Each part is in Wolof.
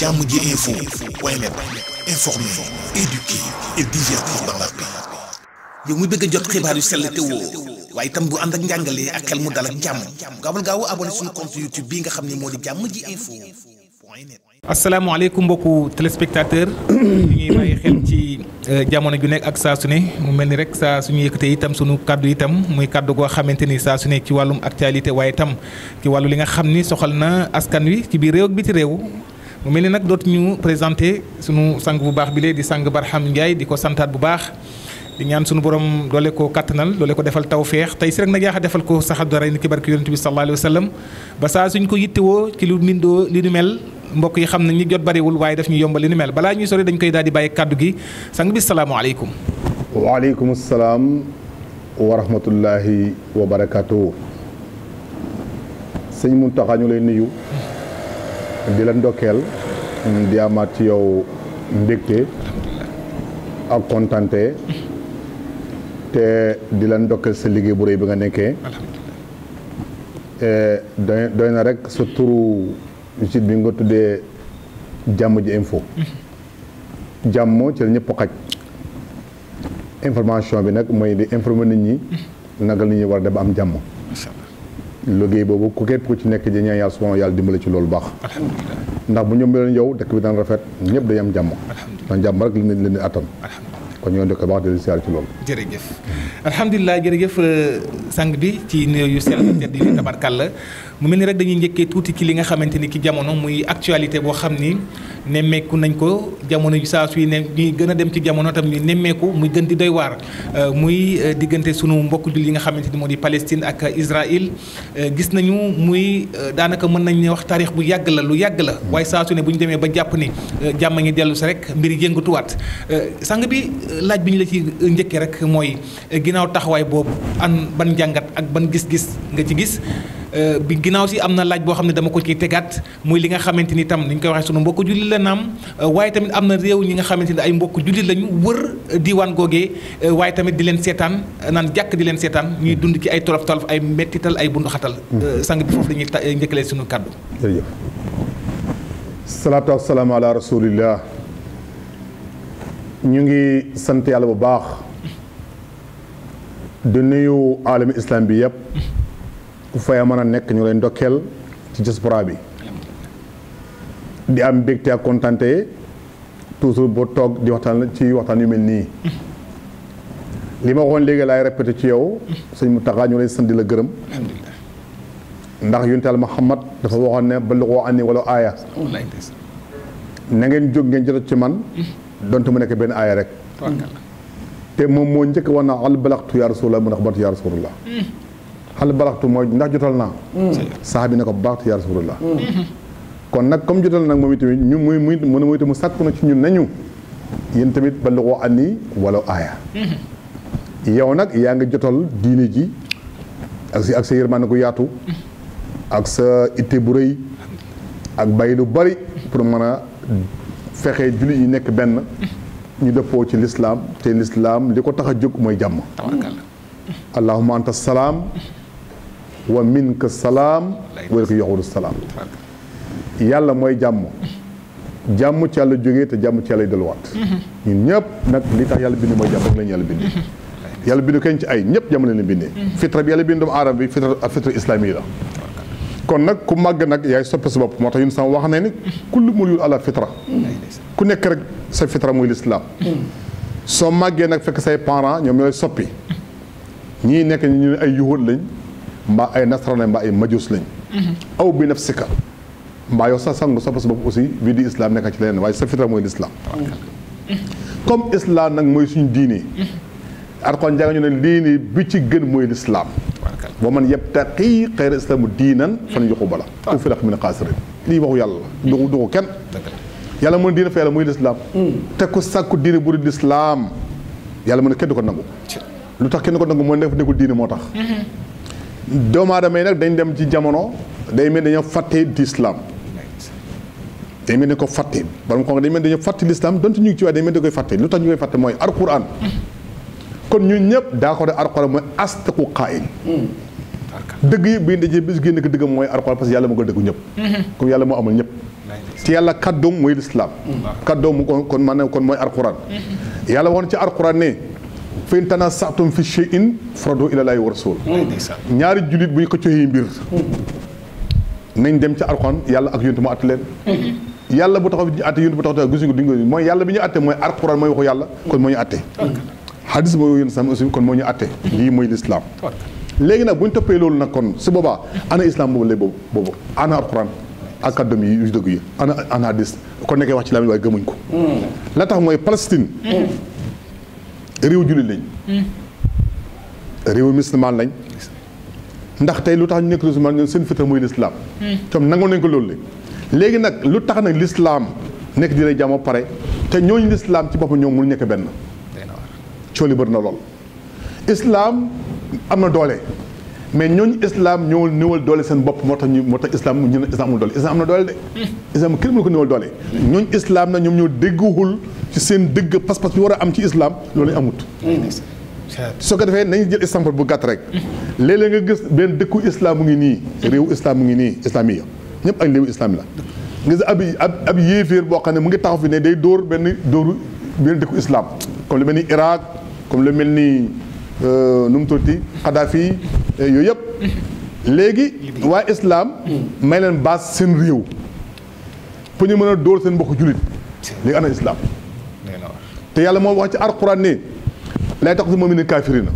jàmm ji info point net informer, xibaar yu sell te waaye bu ànd ak njàngalee ak xel mu dal ak jàmm gaawal bii nga xam ne moo di jàmm ji info. asalaamaaleykum mbokku téléspectateur ñu ngi ci euh, jamono ju nekk ak saa su ne mu mel ni rek saa suñu yëkkatee itam suñu kàddu itam muy kaddu goo xamante ni saa su ne ci wàllum actualité waaye itam ci wàllu li nga xam ni soxal na askan wi ci biir réew ak biti réew. mu mel ni nag dootuñu présenté sunu sang bu baax bi lee di sang Barham Ndiaye di ko santaat bu baax di ñaan sunu borom doole ko kattanal doole ko defal tawféex tey si rek na yaaxa defal ko sax a dara ni ki barke yonent bi sallallahu alayhi wa sallam ba saa suñ ko yittewoo ci lu mindoo li nu mel mbokk yi xam ne ñi jot bariwul waaye daf ñu yombal li nu mel balaa ñuy sori dañ koy daal di bàyyi kàddu gi sang bi salaamualeykum. waaleykum salaam wa rahmatullahi wa barakaatu. sëñ Mountakha ñu lay nuyu. di la ndokkeel di amaat ci yow mbégte ak kontante te di la ndokkeel sa liggéey bu rëy bi nga nekkee eh, doy doy na rek sa turu bi nga tuddee jàmm ji info mm-hmm. jàmm ci la ñëpp xaj information bi nag mooy di informer nit ñi mm-hmm. naka la war a def ba am jàmm liggéey boobu ku képp ku ci nekk di ñaan yàlla subhanahu yàlla dimbale ci loolu baax ndax bu ñoom leen yow dëkk bi daan rafet ñëpp dañu am jàmm ndax jàmm rek leen leen di attan kon ñoo dëkk baax di siyaar ci loolu jërëjëf alhamdulilah jërëjëf euh, sang bi ci néew yu sell tedd yi tabarkàlla mu mel ni rek dañuy njëkkee tuuti ci li nga xamante ni ki jamono muy actualité boo xam ni nemmeeku nañ ko jamono yu saa suy ne ñuy gën a dem ci jamono tam ñu nemmeeku muy waar euh, muy euh, diggante sunu mbokk jullit yi nga xamante ni moo di Palestine ak Israël euh, gis nañu muy daanaka mën nañ ne wax taarix bu yàgg la lu yàgg la waaye saasu ne bu ñu demee ba jàpp ni jàmm ngi dellu si rek mbir yëngatuwaat sang bi laaj bi ñu la ci njëkkee rek mooy ginnaaw taxawaay boobu an ban jàngat ak ban gis-gis nga ci gis Euh, bi ginnaaw si am na laaj boo xam ne dama ko ci tegaat muy li nga xamante ni tam ni ñu koy waxee sunu mbokk jullit la naam euh, waaye tamit am na réew ñi nga xamante ni ay mbokk jullit lañu wër diwaan googee euh, waaye tamit di leen seetaan naan jàkk di leen seetaan ñuy dund ci ay tolof tolof ay mettital ay bunduxatal hmm. sang bi foofu dañuy njëkkalee sunu kàddu jërëjëf salaatu wasalaam ala rasulillah ñu ngi sant yàlla bu baax di nuyu aalam islam bi yëpp ku fay a mën a nekk ñu lay ndokkeel ci diaspora bi di am mbégte ak kontante toujours boo toog di waxtaan ci waxtaan yu mel nii li ma waxoon léegi laay répété ci yow sëñ Mountakha ñu lay sant di la gërëm ndax yuntal xamat dafa waxoon ne ba lu ko andi wala aaya na ngeen jóg ngeen jot ci man donte mu nekk benn aaya rek te moom moo njëkk wax na al balaxtu yaa rasulallah mu ndax batu yaa rasulallah hmm. xal balaxtu mooy ndax jotal naa mm. saxaabi ne ko balaxtu yaa rasulullah mm. kon nag comme jotal nag moom itamit ñu muy muy mu ne muy sàkku na ci ñun nañu yéen tamit ballugu anni walaw aaya mm-hmm. yow nag yaa ngi jotal diine ji ak si ak sa yërmande gu yaatu mm-hmm. ak sa itte bu rëy ak bàyyi lu bari pour mën a fexe jullit yi nekk benn mm-hmm. ñu dëppoo ci lislaam te lislaam li ko tax a jóg mooy jàmm allahumma anta salaam wa minka salaam wa ilayka yaxudu salaam yàlla mooy jàmm jàmm ci yàlla jógee te jàmm ci yàlla yi delluwaat ñun ñëpp nag li tax yàlla bind mooy jàmm rek lañu yàlla bind yàlla bindu kenn ci ay ñëpp jàmm leen bindee fitra bi yàlla bind doomu aadama bi fitra ak la kon nag ku màgg nag yaay soppi sa bopp moo tax ñun sama wax ne ni kullu mulul ala fitra ku nekk rek sa fitra muy lislaam soo màggee nag fekk say parents ñoom ñooy soppi ñii nekk ñu ne mbaa ay nasaraan lañ mbaa ay majus lañ. Mhm. aw bi naf sika mbaa yow sa sangu sa bos bopp aussi bii di islam nekk ci leneen waaye sa fitra mooy l'islam. Mhm. comme islam nag mooy suñu diine. ko mhm. jàng ñu ne diine bi ci gën mooy l'islam. wa man yabtaqi xayra islaamu diinan fan yuqbala ufira ah. min xaasirin lii waxu yàlla la. du ko kenn. yàlla mën diine fa yàlla muy l'islam. Mm. te ku sàkku diine bu dul l'islam yàlla mën kenn du ko nangu. lu tax kenn du ko nangu mooy moo tax. doomu aadama yi nag dañ dem ci jamono day mel dañoo fàtte lislaam day mel ni ko fàtte borom ko dañ mel dañoo fàtte lislaam donte ñu ngi ci waaye day mel ni koy fàtte lu tax ñu koy fàtte mooy alquran kon ñun ñëpp daa ko de alquran mooy astaqu qaa'il dëgg yëpp bi dajee bis génn ko dëggam mooy alquran parce que yàlla moo ko dëggu ñëpp comme yàlla moo amul ñëpp ci yàlla kàddoom mooy lislaam kàddoom kon maanaam kon mooy alquran yàlla waxoon ci alquran ne fa in tanaasatum fi shay'in faradu ilallaahi wa rasul ñaari jullit buñ xëccoo yi mbir nañ dem ci ca arxon yàlla ak yontu mu àtte leen yàlla bu taxaw bi ñu àtte bu taxaw gisuñ ko duñ ko mooy yàlla bi ñu àtte mooy arxuraan mooy waxu yàlla kon moo ñu àtte xadis mooy yontu sam aussi kon moo ñu àtte lii mooy lislaam léegi nag bu ñu toppee loolu nag kon su boobaa ana islam boobu lay boobu boobu ana alquran akademi yi yu dëgg yi ana ana hadis kon nekkee wax ci laa waaye gëmuñ ko hmm. la tax mooy Palestine hmm. réew jullit lañ. Hmm. réew musulman lañ. ndax tey lu tax ñu nekk musulman ñoom seen fitra mooy lislaam. Hmm. comme nangoon nañ ko loolu la léegi nag lu tax nag lislaam nekk dina jàmm pare te ñooñu lislaam ci boppam ñoom mu nekk benn. coono na lool. islaam am na doole. mais ñooñ islam ñoo néewal doole seen bopp moo tax ñu moo tax islam ñu ne islam amul doole islam am na doole de. islam kenn mënu ko néewal doole. ñooñu islam na ñoom ñoo dégguwul ci seen dégg pas-pas bi war a am ci islaam loolu amut. soo ko defee nañu jël exemple bu gàtt rek. léeg nga gis benn dëkku islaam mu ngi nii. réewu islam mu ngi nii islam yi ñëpp ay réewu islam la. nga gis ab ab ab yéeféer boo xam ne mu ngi taxaw fi ne day dóor benn dóoru benn dëkku islaam comme lu mel ni Irak comme lu mel ni. Euh, nu mu tuuti Kadhafi euh, yooyu yëpp léegi waa islam may leen baas seen réew pour ñu mën a dóor seen mbokku jullit léegi ana islam te yàlla moom wax ci alquran ne lay tax si moom i ne kaafiri na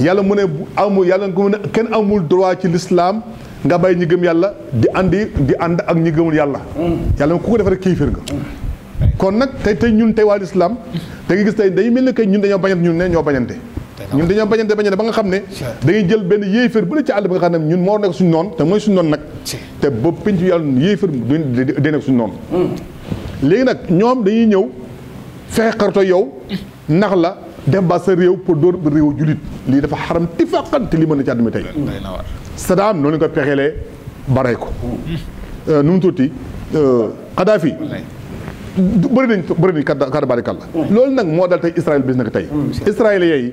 yàlla mu ne amul yàlla nga mu ne kenn amul droit ci l'islam nga bàyyi ñu gëm yàlla di andi di ànd ak ñi gëmul yàlla yàlla ku ko def rek kéefir nga kon nag tey te ñun tey waa l'islam da nga gis tey day mel ni que ñun dañoo bañante ñun ne ñoo bañante ñun dañoo bañante bañante ba nga xam ne dañuy jël benn yéeféer bu ne ci àll ba nga xam ne ñun moo nekk suñu noon te mooy suñu noon nag te ba pinc yàlla yéeféer day nekk suñu noon hmm. léegi nag ñoom dañuy ñëw fexe yow nax la dem ba sa réew pour dóor réew julit lii dafa xaram ti fàqante li mën na ci àdduna tey Saddam noonu lañ ko pexeelee barey ko nu mu tuuti euh, Kadhafi bëri nañ bëri nañ kàddu baari kàlla loolu nag moo dal tey Israël bis nag tey mm. israéliens yi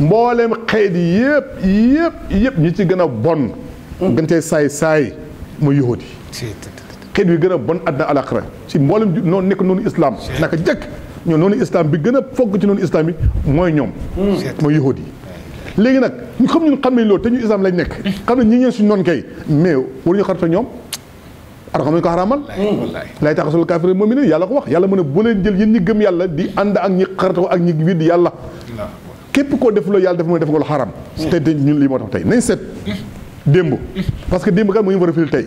mbooleem xeet yëpp yëpp yëpp ñi ci gën a bon mm. gën tey saay saay mu yahudi xeet yi gën a bon àddina alaxira si mboolem noonu nekk noonu islam naka jëkk ñoo noonu islam bi gën a fogg ci noonu islam yi mooy ñoom mm. mooy yahudi léegi nag ñu xam ñun xam nañ loolu te ñu lañ nekk xam ne ñi ngeen suñ noonu kay mais waruñu xarita ñoom arxam ñu ko xaraamal lay taxasul kaafir moom ne yàlla ko wax yàlla mën a bu leen jël yéen ñi gëm yàlla di ànd ak ñi xartako ak ñi widd yàlla képp koo def loolu yàlla dafa mën a def nga lu xaram mm. te te ñun lii moo tax tey nañ seet démb parce que démb kan mu ngi war a fil tey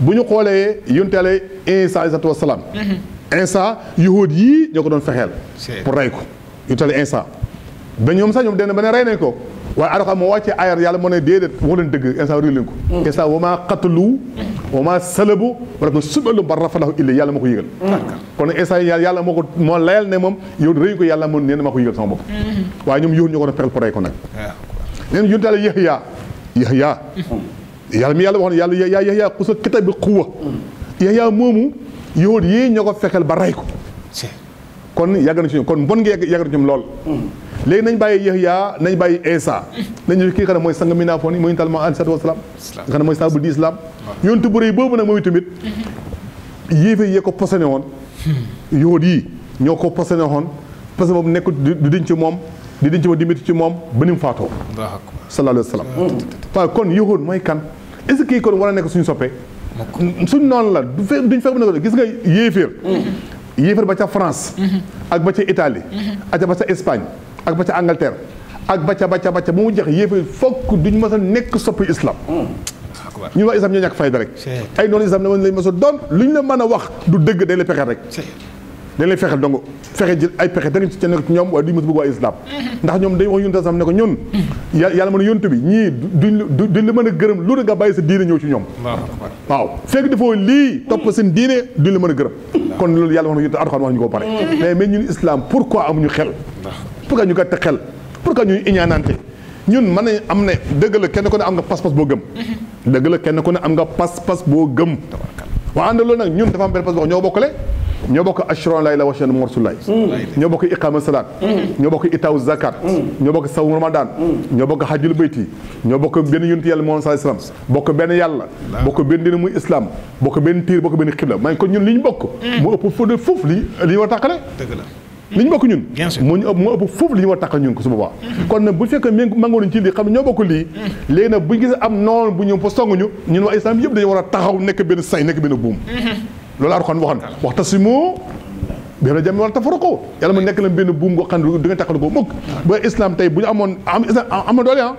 bu ñu xoolee yonteele Isa alayhi salaatu wasalaam mm-hmm. Isa yahuud yii ñoo ko doon fexeel pour rey ko yonteele instant ba ñoom sax ñoom den ba ne rey nañ ko waaye alxuraan moo wàccee ayar yàlla moo ne déedéet wax leen dëgg instant réew leen ko mm. instant wa maa qatalu wa maa salabu walakin subalu ba rafalahu illa yàlla moo ko yëgal mm. kon instant yàlla yàlla moo ko moo moom yow rëyu yàlla moom nee na maa ko yëgal sama bopp mm-hmm. waaye ñoom yow ñoo ko doon fexel porey ko nag ah, neen yun taale Yaxya Yaxya mm. yàlla mi yàlla wax yàlla yaa Yaxya ku sa kitab bi quwa Yaxya moomu ñoo ko fexel ba rey ko kon yàgg na ñoom kon mbon ngi yàgg na ñoom lool léegi nañ bàyyi Yahya nañ bàyyi Isa nañu kii xam ne mooy sang minaafoon yi mooy tal ma alisatu wasalaam nga xam ne mooy saabul di islam yontu bu rëy boobu nag mooy yee ko posone woon hmm. yóot yi ñoo ko posone woon parce que moom nekk du diñ ci moom di diñ ci ci moom ba ni mu faatoo sallallahu alayhi wa hmm. kon yahood mooy kan est ce a nekk suñu soppee suñ noonu la du fe duñ fekk bu nekk gis nga yéeféer hmm. yéeféer ba ca France ak ba ca Italie ak ba ca Espagne ak ba ca ak ba ca ba ba ca ba mu jeex yéefar fokk duñ mës a nekk soppi islam. ñu wax islam ñoo ñàkk fayda rek. ay noonu islam a doon luñ la man a wax du dëgg day la pexeel rek. dañ lay fexeel donc fexe jël ay pexe danga ci nekk ñoom waaye a bëgg waa islam. ndax ñoom day wax yonent islam ko ñun. yàlla mën a yonent bi ñii duñ duñ la mën a gërëm lu nga bàyyi sa diine ñëw ci ñoom. waaw fekk dafoo lii topp seen diine duñ la mën a gërëm. kon loolu yàlla wax na yonent Alxuraan wax ñu ko pare. Mm. mais mais ñun islam pourquoi amuñu pour que ñu gàtt xel pour que ñuy iñaanante ñun mën nañ am ne dëgg la kenn ku ne am nga pas-pas boo gëm. Mm-hmm. dëgg la kenn ku am nga pas boo gëm. waaw ànd loolu nag ñun dafa am benn pas-pas ñoo ñoo bokk ashron lay la wachan morsulaay mm-hmm. ñoo bokk iqama salaat mm-hmm. ñoo bokk itaaw zakat ñoo bokk sawm ramadan ñoo bokk hajjul bayti ñoo bokk benn yunti yàlla moom sallallahu alayhi bokk benn yàlla bokk benn dina muy islam bokk benn tiir bokk benn xibla ñu bokk mu ëpp liñ ñu bokk ñun moo ñu ëpp moo ëpp foofu li ñu war tàqal ñun ko su boobaa mm-hmm. kon bu fekkee mé mangoo nañ ci lii xam ne ñoo bokk lii mm-hmm. léegi nag bu gisee am noonu bu ñu fa songuñu ñun waa islam yëpp dañu war a taxaw nekk benn say nekk benn buum mm-hmm. loolu Alxuraan waxoon wax tasimu bi la a wala tafarraqu yàlla mu nekk la benn buum goo xam ne du ngeen tàqal ko mukk ba islam tey bu ñu amoon am islam am doole ah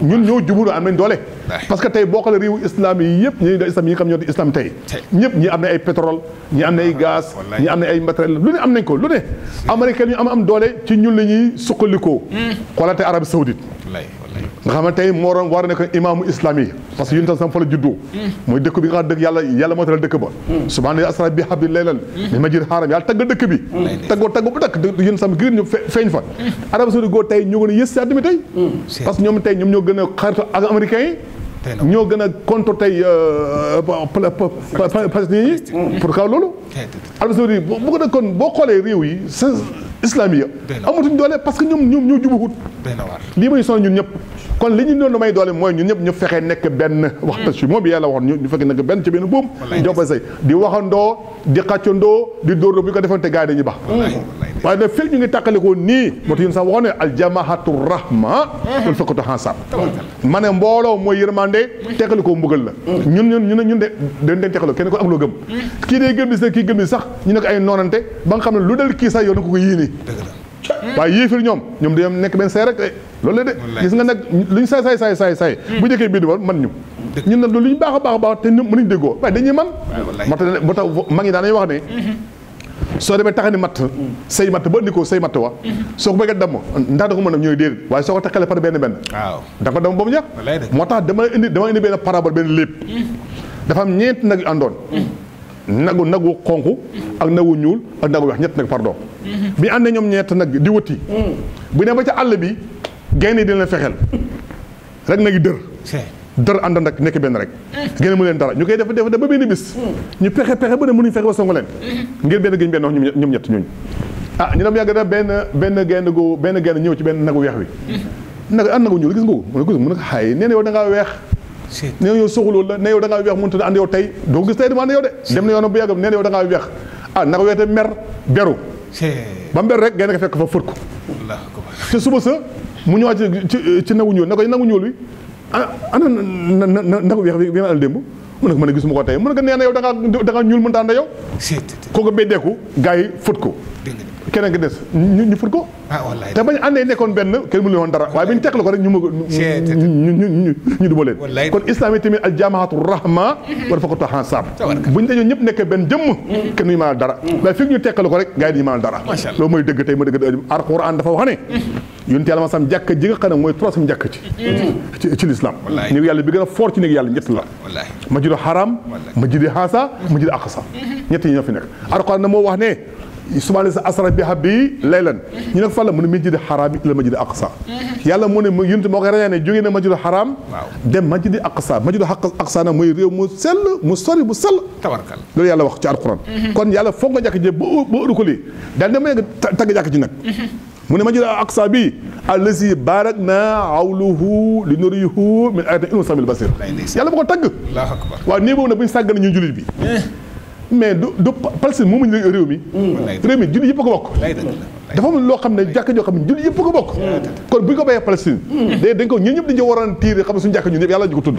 ñun ñoo jublu am nañ doole. parce que tey boo xoolee réewu islam yi yëpp ñi da islam yi nga xam ñoo di islam tey. ñëpp ñi am na ay pétrole ñi am na ay gaz. ñi am na ay matériel lu ne am nañ ko lu ne. américain ñu am am doole ci ñun la ñuy suqalikoo. Hmm. xoolate Arabie Saoudite. nga xam ne tey moo doon war nekk imaamu islam yi parce que yun la juddoo mooy dëkk bi nga xam dëkk yàlla yàlla moo tax dëkk ba subhaana asra bi habdi laylan min masjid haram yàlla tagg dëkk bi taggoo taggoo ba takk yun feeñ fa Arabie Saoudite goo tey ñoo gën a yës si àdduna tey ñoom tey ñoom ñoo gën a xaritu ak américains yi ñoo gën a contre tey euh, palestiniens yi loolu Arabie Saoudite boo xoolee réew yi islamiya amatuñ doole parce que ñoom ñoom ñoo jubuwut lii may sonal ñun ñëpp kon li ñu doon may doole mooy ñun ñëpp ñu fexee nekk benn waxta si moom bi yàlla waxoon ñu fekkee nekk benn ci benn buum joba say di waxandoo di xàccandoo di dóor bu ñu ko defante gars yi waaye nag fekk ñu ngi tàqalikoo nii moo tax yéen sax waxoon ne aljamahatu rahma wal fakkatu hansab ma ne mbooloo mooy yërmande teqalikoo mbugal la ñun ñun ñun ñun de dañ leen teqalikoo kenn ko ak loo kii dee gëm bi sax kii gëm bi sax ñu ne ay noonante ba nga xam ne lu del kii sax yow ko ko yii nii waaye yéefir ñoom ñoom dañoo nekk benn say loolu la gis nga nag lu ñu say say say say say hmm. bu njëkkee bind woon man ñu ñun lu ñu baax a baax a baax te mënuñ déggoo waaye dañuy man moo tax moo tax mag ñi daanañ wax ne hmm. soo demee taxani matt hmm. say matt ba indi ko say matt wa soo ko bëggee damm ndax da ko mën a ñooy déedéet waaye soo ko taxalee par benn benn waaw da ko damm ba mu moo tax dama indi dama indi benn parabole benn lépp hmm. dafa am ñeent nag yu àndoon nagu nagu xonq ak nagu ñuul ak nagu weex ñett nag pardon hmm. bi ñu àndee ñoom ñett nag di wuti bu ne ba ca àll bi gaynde dina leen fexeel rek nag yi dër dara àndand ak nekk benn rek génne mu leen dara ñu koy def def ba benn ba ne mënuñu fexe ba songu leen benn géñ benn ñoom ñett ah, ñu dem yàgg da benn benn genn gu benn genn ñëw ci benn nagu weex wi nag ah nagu ñuul gis nga ko mu ne gis ne nee da ngaa weex nee na yow soxuloolu la nee yow da ngaa weex doo gis tey dama ànd yow de dem na yoonam bu yàggam nee na yow ah, rek genn nga fekk fa fër ko te suba sa mu ñëwaat ci ci nagu ñuul na ko nangu ñuul wi ah ana na na na naka weex bi ma al démb mu ne ko ko tey mu ne ko nee na yow da ngaa da ngaa ñuul mënta ànd yow. kooku béy deeku yi fóot ko. keneen ki des ñu ñu ful ko. ah wallaay te bañ àndee nekkoon benn kenn mu ne woon dara waaye bi ñu teg la ko rek ñu mën ñu ñu ñu ñu duma leen. kon islam yi a saab. bu ñu dañoo ñëpp nekk benn jëmm. kenn ñu maanaam dara. waaye fi ñu teg la ko rek gars yi dañu maanaam dara. macha allah loolu mooy dëgg tey ma dëgg alquran dafa wax ne. yonent yàlla ma sam jàkka ji nga xam ne mooy troisième jàkka ci ci l'islam néeg yàlla bi gën a fort ci néeg yàlla ñett la masjidu haram masjidu haasa masjidu aqsa mm-hmm. ñett yi ñoo fi nekk alquran na moo wax subaana sa asra bi habbi laylan ñu ne ko fan la mu ne masjidil haram ila masjidil aqsa yàlla mu ne yuntu moo koy ràññee ne jógee na masjidil haram dem masjidil aqsa masjidil aqsa nag mooy réew mu sell mu sori bu sell tabarkal loolu yàlla wax ci alquran kon yàlla foog nga jàkk ji ba ba ëru ko lii daal dama yegg tagg jàkk ji nag mu ne masjidil aqsa bi allazi barak na awluhu li nurihu min ayatina inu samil basir yàlla ba ko tagg waaw nii boobu nag bu ñu sàgg na ñun julit bi eh. mais du du Palestine moomuñu réew mi. Mm. réew mi jullit yëpp a ko bokk. dafa am loo xam ne jàkk joo xam ne jullit yëpp ko bokk kon bu ñu ko bàyyee Palestine léegi dañ ko ñun ñëpp dañu waroon tiir xam ne suñu jàkk ñun ñëpp yàlla ñu ko tudd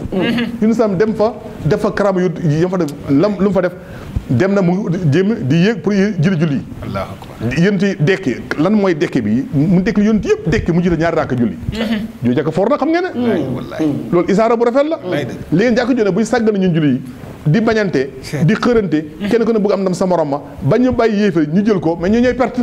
ñun islam dem fa def fa karaama yu yam fa def lam lu mu fa def dem na mu jéem di yéeg pour julli julli yi yénti lan mooy dekki bi mu dekki yénti yëpp dekki mu julli ñaari raaka julli jooy jàkk foor na xam ngeen ne loolu isaara bu rafet la léegi jàkk joo ne buñ sàggan ñun julli yi di bañante di xërante kenn ko ne bëgg am ndam sa morom ma bañ ñu bàyyi yéefee ñu jël ko ma ñu ñooy perte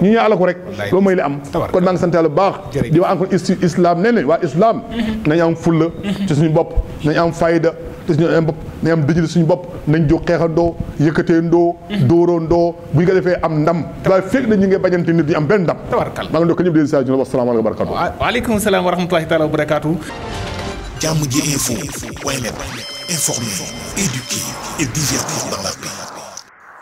ñu ñaala ko rek loolu mooy li am kon maa ngi sant bu baax di wax encore islam nee na waa islam mhm. nañ am fulla ci suñu bopp nañ am fayda te suñu bopp nañ am dëjël suñu bopp nañ jóg xeexandoo yëkkateendoo mhm. dóorandoo bu ñu ko am ndam waaye fekk na ñu ngi bañante nit ñu am benn ndam maa ngi doon ko ñëpp di saa juna wasalaamaaleykum wa barakatu waaleykum salaam wa rahmatulahi taala wa barakatu jàmm ji info informer éduquer et divertir dans la paix